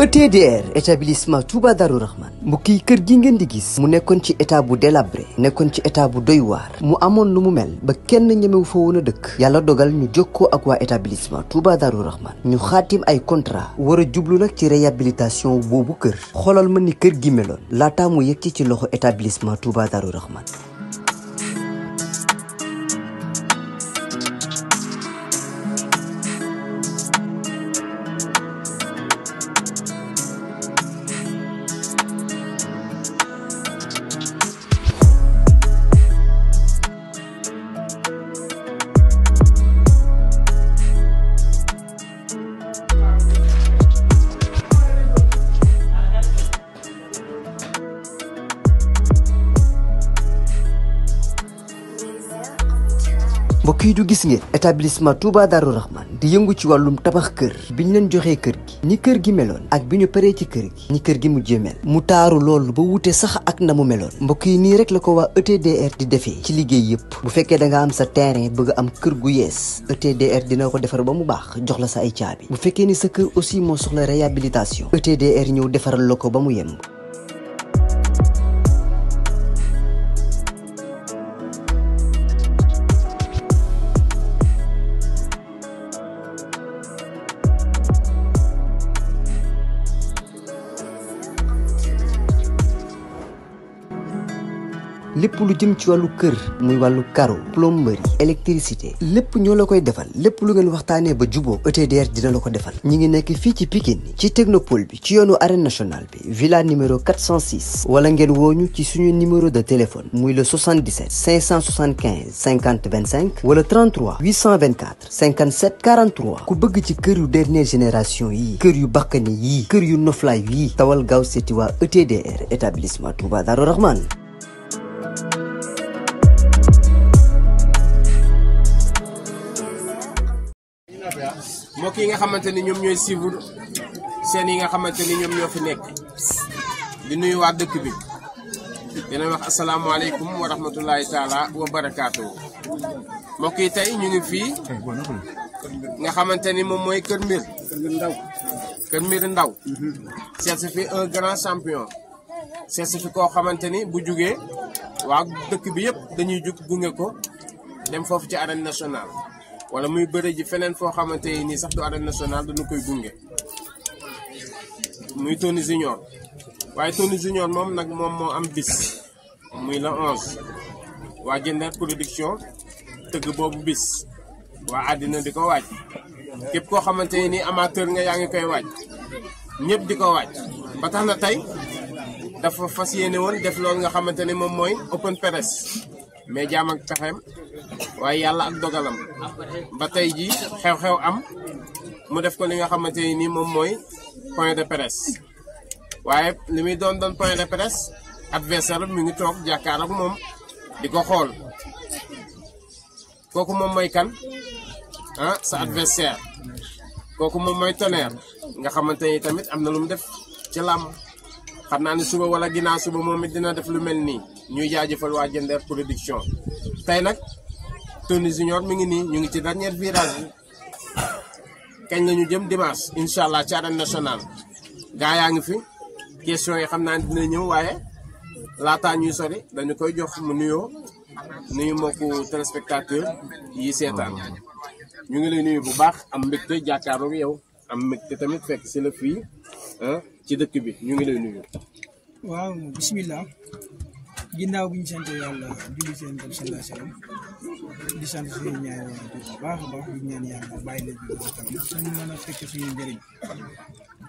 ETDR établissement Touba Darou Rahman mbokk yi kër gi ngeen di gis mu nekkoon ci état bu délabré nekkoon ci état bu doy mu amoon lu mu mel ba kenn ñemewu fa woon a dëkk yàlla dogal ñu ko ak waa établissement Touba Darou Rahman ñu xaatim ay contrat war a jublu nag ci réhabilitation boobu kër xoolal ma ni kër gi meloon laataa mu yëg ci ci loxo établissement Touba Darou Rahman mbokk yi du gis ngeen établissement Touba Darou Rahman di yëngu ci wàllum tabax kër bi ñu leen joxee kër gi ni kër gi meloon ak bi ñu paree ci kër gi ni kër gi mujjee mel mu taaru loolu ba wute sax ak na mu meloon mbokk yi nii rek la ko waa ETDR di defee ci liggéey yëpp bu fekkee da nga am sa terrain bëgg am kër gu yees ETDR dina ko defar ba mu baax jox la sa ay caabi bu fekkee ni sa kër aussi moo soxla réhabilitation ETDR ñëw defaral la ko ba mu yemb lépp lu jëm ci wàllu kër muy wàllu carreau plomberie électricité lépp ñoo la koy defal lépp lu ngeen waxtaanee ba juboo ETDR dina la ko defal ñi ngi nekk fii ci Pikine ci technopole bi ci yoonu arène nationale bi villa numéro 406 wala ngeen wooñu ci suñu numéro de téléphone muy le 77 575 50 25 wala 33 824 57 43 ku bëgg ci kër yu dernière génération yi kër yu bakkani yi kër yu noflaay yi tawal gaaw seeti waa ETDR établissement Touba Darou Rahman mbokk yi nga xamante ni ñoom ñooy suivre seen yi nga xamante ni ñoom ñoo fi nekk di nuyu waa dëkk bi dina wax asalaamaaleykum wa rahmatulahi taala wa barakaatu. mbokk yi tey ñu ngi fii nga xamante ni moom mooy Kër Mbir. Kër Mbir Ndaw. Kër Mbir fi un grand champion. seet fi koo xamante ni bu jugee waa dëkk bi yëpp dañuy jug gunge ko dem foofu ci arène nationale wala muy bëre ji feneen foo xamante ni sax du arène nationale dañu koy gunge muy Tony Junior waaye Tony Junior moom nag moom moo am bis muy la 11 waa Jënder production tëgg boobu bis waa àddina di ko waaj képp koo xamante ni amateur nga yaa ngi koy waaj ñëpp di ko waaj ba tax na tey. dafa fasiyene won def loolu nga xamante mom moom open press mais jam ak taxem way yalla ak dogalam ba tay ji xew-xew am mu def ko li nga xamante ni moom mooy point de presse waye limi don don point de presse adversaire mi ngi tok jakar ak mom diko xol koku mom moy kan ah sa adversaire koku mom mooy Tonnerre nga xamante tamit am lu mu def ci lamb xam naa ne suba wala ginnaaw suba moom it dina def lu mel nii ñuy jaajëfal waa Diender production tey nag Tony Junior mi ngi nii ñu ngi ci dernier virage bi kañ nañu jëm dimanche incha allah ci arène nationale gaa yaa ngi fi question yi xam naa ne dina ñëw waaye laataa ñuy sori dañu koy jox mu nuyoo nuyu mbokku téléspectateur yi seetaan ñu ngi lay nuyu bu baax am mbégte jàkkaaroog yow. am mbégte tamit fekk si la fii ah, ci dëkk bi ñu ngi lay nuyu. waaw bisimilah. ginnaaw bi ñu sant yàlla julli seen dem sallallahu alayhi wasallam di sant suñu ñaari waajur bu baax a baax di ñaan yàlla bàyyi leen bi tamit suñu mën a fekk suñu njëriñ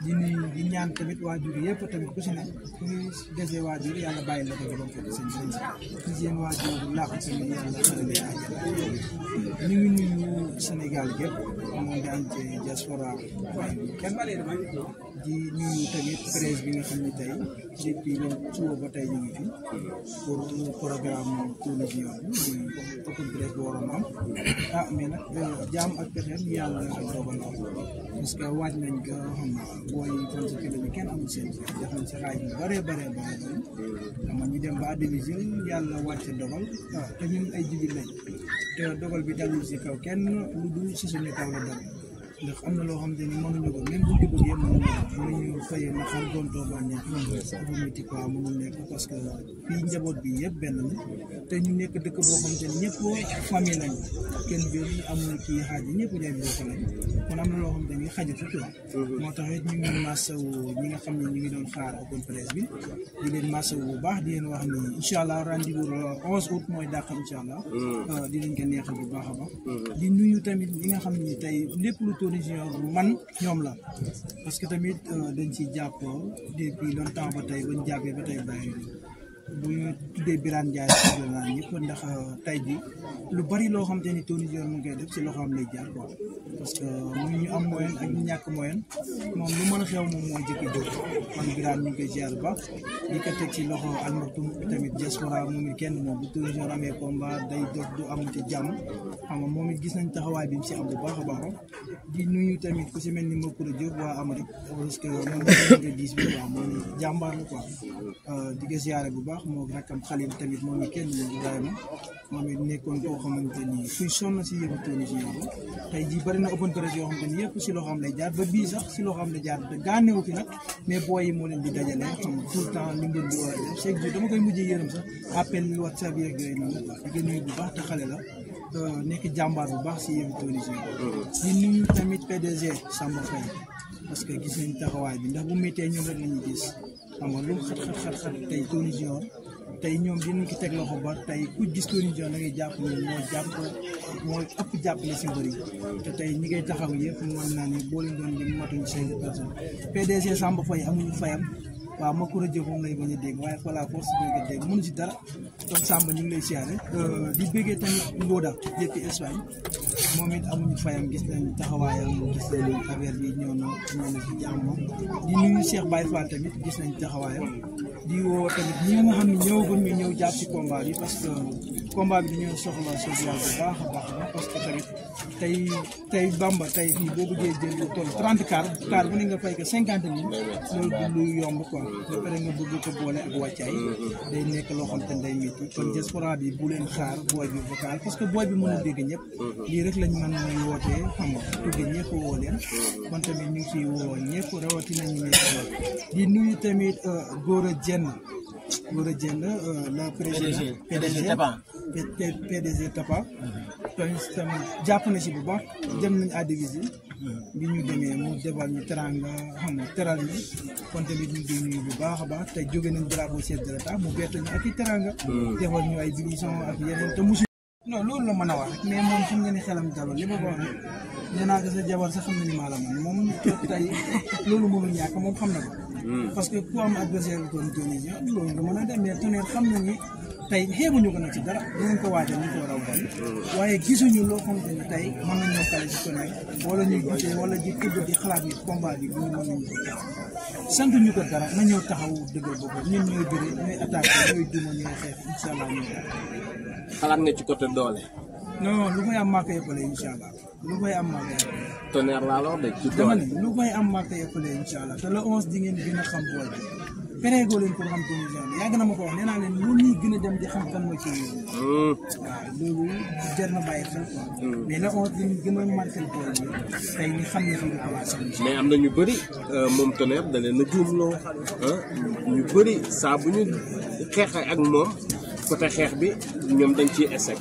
di nuyu di ñaan tamit waajur yëpp tamit ku si ne ku ñu desee waajur yàlla bàyyi la ko jëloon fekk seen seen si seen waajur laax tamit yàlla xarale àjjana ñu ngi nuyu Sénégal gépp moom daan ci diaspora waaye kenn di nuyu tamit presse bi nga xam ne tey depuis le suba ba tey ñu ngi fi pour programme télévision bi muy open presse bu waroon am ah mais euh, jaam ak pexeem yàlla ak dogalam parce que nañ ko xam kenn amul seen def nañ si xaaj bi bëree bëree bëri xam nga ñu dem ba division yàlla wàcce dogal ah, te ñun ay jigéen lañ te dogal bi dalul si kaw kenn lu dul si suñu kaw la dal ndax am na loo xam ne mënuñu ko même bu ñu bëggee mënuñu fayee na xar doon doo baa ñaax bu métti quoi mënul nekk parce que fii njaboot bi yëpp benn la te ñu nekk dëkk boo xam te ñëpp famille lañ kenn biir amul kii xaaj ñëpp ñooy bokk lañ kon am na loo xam ne mm-hmm. moo tax it ñu ngi ñi nga xam ne ñu ngi doon xaar bi di leen masawu bu baax di leen wax ni incha allah rendez-vous le 11 août mooy dàq incha allah mm-hmm. euh, di leen ko neexal bu baax a baax mm-hmm. di nuyu tamit ñi nga xam ne tey lépp lu religion man ñoom la parce que tamit euh, dañ ci jàpp depuis longtemps ba tey bañ jàppee ba tey bàyyi bu ñu tuddee Birane Ndiaye tuddee naa ñëpp ndax euh, tey ji lu bari loo xam te ni Tony Jr mu ngi koy def ci loxo am lay jaar euh, ñu am moyen ak ñu ñàkk moyen moom lu mën ngi koy jaar bu baax di ko ci loxo Al Maktoum tamit diaspora moom it kenn moom bu Tony Jr amee combat day dox du am ci jàmm xam nga moom it gis nañ taxawaay bi mu si am bu baax a baax ah. di tamit ku si mel ni Makoura Diop waa Amérique parce que moom mooy jàmbaar la quoi euh, di ko bu baax baax moo rakkam xalil tamit moom it kenn Ibrahima moom it nekkoon koo xamante ni kuy sonn si yëngu tool si yëngu tey jii bari na open presse yoo xamante ni yëpp si loo xam lay jaar ba bii sax si loo xam lay jaar gaa gaanewu fi nag mais booy yi moo leen di dajale temps li ngeen di war a def chaque jour bu baax te xale la euh, nekk jàmbaar bu baax si yëngu tool si yëngu. Mm-hmm. di nuyu tamit PDG Samba Faye parce que gis nañ taxawaay bi ndax bu méttee ñoom rek la ñuy gis. xam nga lu mu xat xat xat tey Tony Junior tey ñoom dinañ ko teg loxo ba tey ku gis Tony Junior da ngay jàpp ne moo jàpp mooy ëpp jàppale si mbër yi te tey ñi ngay taxaw yëpp mën naa ne boo leen doon lim matuñ cinq personnes PDG Samba Faye amuñu fayam. waaw Macoura Diop moom lay bañ a dégg waaye voilà force bi dégg mënu ci dara donc Samba ñu ngi lay siyaare euh, di bëggee tamit Ngoda jëkki Espagne moom it amuñu fayam gis nañ taxawaayam gis nañ affaire bi ñëw na ñëw na ci jàmm di nuyu Cheikh Baye tamit gis nañ taxawaayam di woo ñëw jàpp ci combat bi parce combat bi dañoo soxla social baax a baax a parce que tamit tey tey bamba tey fii boo bëggee jël lu toll trente car car bu ne nga fay ko cinquante mille loolu du yomb quoi ba pare nga bëgg ko boole ak wàccaay day nekk loo te day métti kon diaspora bi bu leen xaar booy bi vocal parce que booy bi mën a dégg ñëpp lii rek lañ mën a wootee xam nga tuddee ñëpp woo leen man tamit ñu ngi ciy woo ñëpp rawatina ñu ngi di nuyu tamit euh, Gora Dieng Gora Diène euh, la PDG PDG Tapa PDG Tapa jàpp na ci bu baax dem nañu à divise mhm. bi ñu demee mu defal ñu teranga xam ne teral ñu kon tamit ñu ngi bu baax a baax te jóge nañ drapeau chef de l'État mu bett ñu ak i teranga mhm. defal ñu ay division ak yeneen te musu non loolu la mën a wax mais moom xam nga ne xelam daloo li ko wax rek nee naa ko sa jabar sax xam na ni maa la man moom tey loolu mënul ñàkk moom xam na ko. parce que ku am adversaire bu doon jëlee ah, loolu nga mën a dem mais tonnerre xam na ni tey ñu ko na ci dara dinañ ko waajal a waaye gisuñu loo xamante tey mën nañoo kale ci tonnerre wala ñuy gisee wala di tëdd di xalaat ni combat bi bu ñu mën nañu sant ñu ko dara na ñëw taxaw dëgër boobu ñun ñooy bëri ñooy attaqué ñooy duma ñooy xeex incha allah ñu xalaat nga ci côté doole. non lu koy am màkk yëppale incha allah lu koy am màkk yëppale. tonnerre laa lor de ci tool lu koy am màkk yëppale incha allah te le onze di ngeen gën a xam booy bi. pérégo leen pour xam Tunisie yàgg na ma ko wax nee naa leen lu ñuy gën a dem di xam kan mooy Tunisie. Hmm. waaw loolu na bàyyi hmm. mais le onze di gën a marqué booy bi tey ñu xam ne di commencé. mais am na ñu bëri euh, moom tonnerre da leen a juumloo ñu bëri saa bu ñu xeexee ak moom côté xeex bi ñoom dañ ci échec.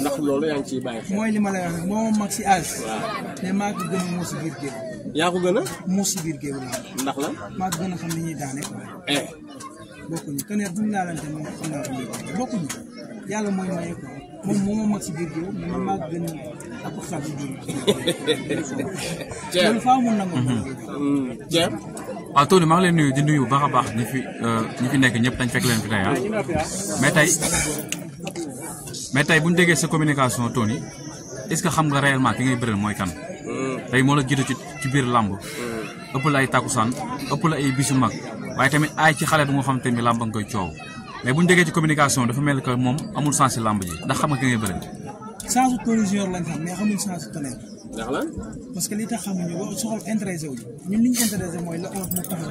ndax loolu yaa ngi ciy bàyyi xel. mooy li ma lay wax moo ma mag si âge. mais maa ko gën muus si biir géew. yaa ko gën muus si biir géew ndax la maa a xam ni naa ko yàlla mooy si biir géew mais maa ko gën a Tony maa leen nuyu di nuyu bu baax a baax ñi fi euh, ñi fi nekk ñëpp dañ fekk leen fi tey ah. ah. mais tey mais tey bu ñu jegee sa communication Tony est-ce que xam nga réellement ki ngay bëreel mooy kan. Hmm. tey moo la jiitu ci ci biir làmb. Hmm. ëpp la ay takkusaan ëpp la ay bisu mag waaye tamit aay ci xale bu nga xam te ni làmb nga koy coow mais bu ñu déggee ci communication dafa mel ni que moom amul sens si làmb ji ndax xam nga ki ngay bëreel. chance su corrigeur que li tax xamuñu boo soxla ñu ñun li ñu intéressé mooy la olof mu taxaw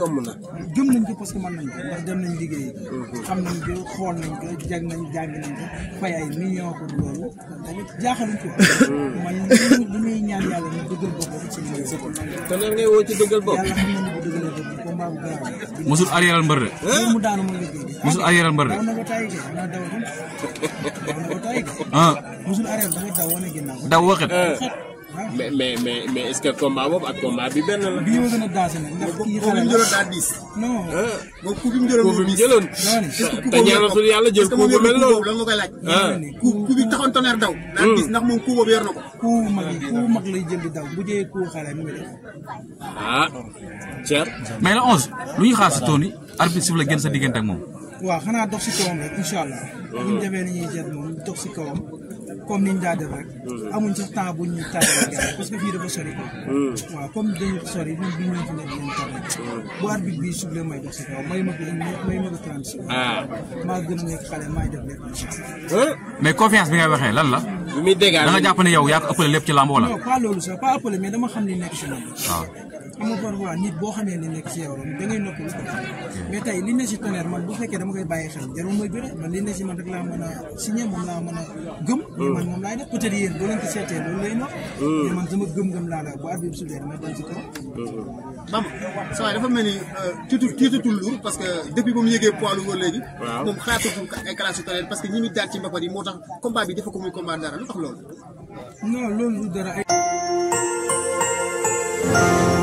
yomb na. gëm nañ ko parce que nañ ko ndax dem nañ liggéey. Mhm. xam nañ ko xool nañ ko jag nañ ko fay ay millions ko loolu tamit jaaxaluñ ko. Mhm. man li muy ñaan yàlla ñu dëggal boppam ci. tonnerre ngay woo ci dëggal bopp yàlla xam nañu musul arrièral mbër de. musul arrièral mbër de. ah. daw waxet mais mais mais mais est ce que combat boobu ak combat bi benn la. bii ma gën a daase ndax kii xale la daa non moom bi mu jëloon moo diis jëloon. te ñaanatul yàlla jël coup bu mel noonu. lan nga koy laaj. coup coup bi taxoon tonnerre daw. daa diis hmm. ndax moom coup boobu yor na ko. mag coup mag lay jël daw bu jëyee coup xale mu def. ah cher. mais la 11 lu ñu xaar si arbitre siffle génn sa diggante ak moom. waaw xanaa dox si kawam rek incha hmm. bu ñu defee ni ñuy jël moom dox si kawam. comme niñ daa def rek. Hmm. amuñ sax temps buñ ñu tàggat parce que fii dafa sori hmm. waaw comme dañu sori ñun duñ ñu fi nekk ñu tàggat. bu arbitre bi suble may dox si kaw may ma may ma ah. a nekk xale maay def lépp. mais bi ngay waxee lan la. bi muy dégg da nga jàpp ne yow yaa ko ëppale lépp ci làmb boo non pas loolu sax pas ëppale mais dama xam ni nekk si làmb. waaw. Ah. xam nga parfois nit boo xamee li nekk si yow rek da ngay noppalu ko mais tey li ne si tonnerre man bu fekkee dama koy bàyyi xel jarul may bëre man li ne si man rek laa mën a signé moom laa mën a gëm hmm. man moom laay def peut être yéen boo leen ko seetee loolu lay nox hmm. mais man sama gëm-gëm laa la bu arbitre sudee dama dem si kaw bam sa waay dafa mel ni tiitu euh, tiitutul lour parce que depuis ba mu yëgee poids lourd léegi moom xaatatul ay classe si parce que ñi muy daal ci mbapat yi combat bi dafa ko muy combat dara lu tax loolu non loolu dara ay